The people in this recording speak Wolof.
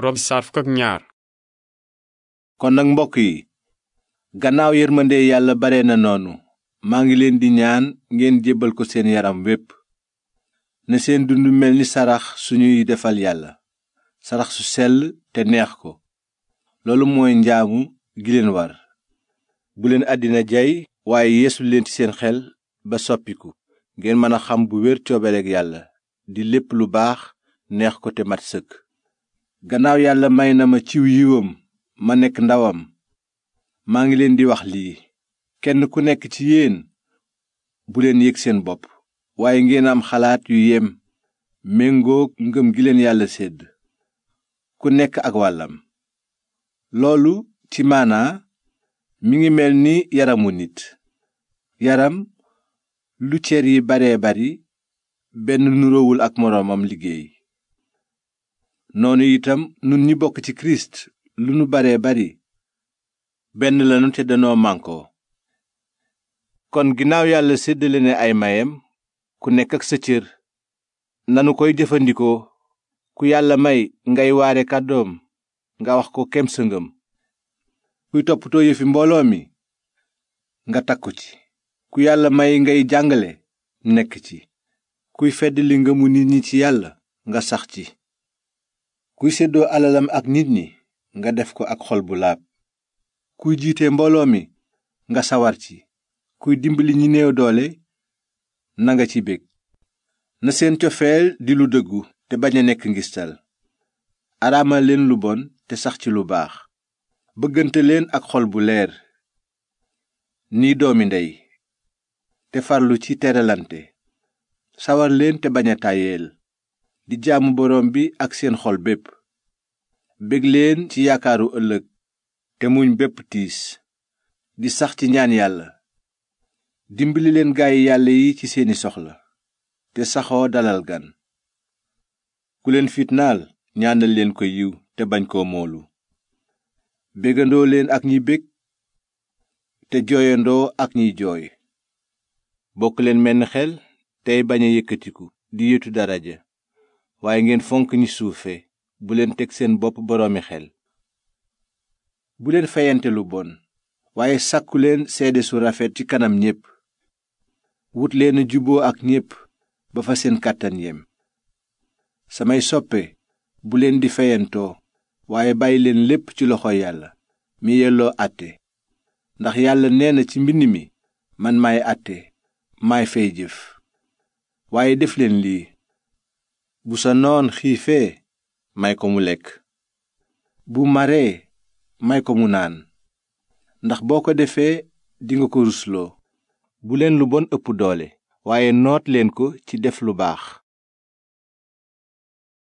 rob saar fukk ak kon nag mbokk yi gannaaw yërmande yàlla bare na noonu maa ngi leen di ñaan ngeen jébbal ko seen yaram wépp na seen dund mel ni sarax suñuy defal yàlla sarax su sell te neex ko loolu mooy njaamu gi leen war bu leen àddina jay waaye yeesu leen ci seen xel ba soppiku ngeen mën a xam bu wér coobereeg yàlla di lépp lu baax neex ko te mat sëkk gannaaw yàlla may na ma ciw yiwam ma nekk ndawam maa ngi leen di wax lii kenn ku nekk ci yéen bu leen yëg seen bopp waaye ngeen am xalaat yu yem méngoog ngëm gi leen yàlla sédd ku nekk ak wàllam loolu ci maanaa mi ngi mel ni yaramu nit yaram lu cer yi baree bari benn nuroowul ak moroomam liggéey noonu itam nun ñi bokk ci kirist lu nu baree bari benn lanu te danoo mànkoo kon ginnaaw yàlla séddale ne ay mayam ku nekk ak sa cër nanu koy jëfandikoo ku yàlla may ngay waare kàddoom nga wax ko kem sa ngëm kuy toppatoo yëfi mbooloo mi nga takku ci ku yàlla may ngay jàngale nekk ci kuy fedd li ngëmu nit ñi ci yàlla nga sax ci kuy seddoo alalam ak nit ñi nga def ko ak xol bu laab kuy jiite mbooloo mi nga sawar ci kuy dimbali ñi néew doole nanga ci bég na seen cofeel di lu dëggu te bañ a nekk ngistal araamal leen lu bon te sax ci lu baax bëggante leen ak xol bu leer ni doomi ndey te farlu ci teralante sawar te bañ a tàyyeel di jaamu boroom bi ak seen xol bépp bég leen ci yaakaaru ëllëg te muñ bépp tiis di sax ci ñaan yàlla dimbali leen gay yàlla yi ci seeni soxla te saxoo dalal gan ku leen fitnaal ñaanal leen ko yiw te bañ koo moolu béggandoo leen ak ñi bég te jooyandoo ak ñiy jooy bokk leen menn xel tey bañ a yëkkatiku di yetu daraja waaye ngeen fonk ñi suufe bu leen teg seen bopp boroomi xel bu leen fayante lu bon waaye sàkku leen seede su rafet ci kanam ñépp wut leen juboo ak ñépp ba fa seen kàttan yem samay soppe bu leen di fayantoo waaye bàyyi leen lépp ci loxo yàlla mi yelloo àtte ndax yàlla nee na ci mbind mi man maay àtte maay fay jëf waaye def leen lii bu sa noon xiifee may ko mu lekk bu maree may ko mu naan ndax boo ko defee dinga ko rusloo bu leen lu bon ëpp doole waaye noot leen ko ci def lu baax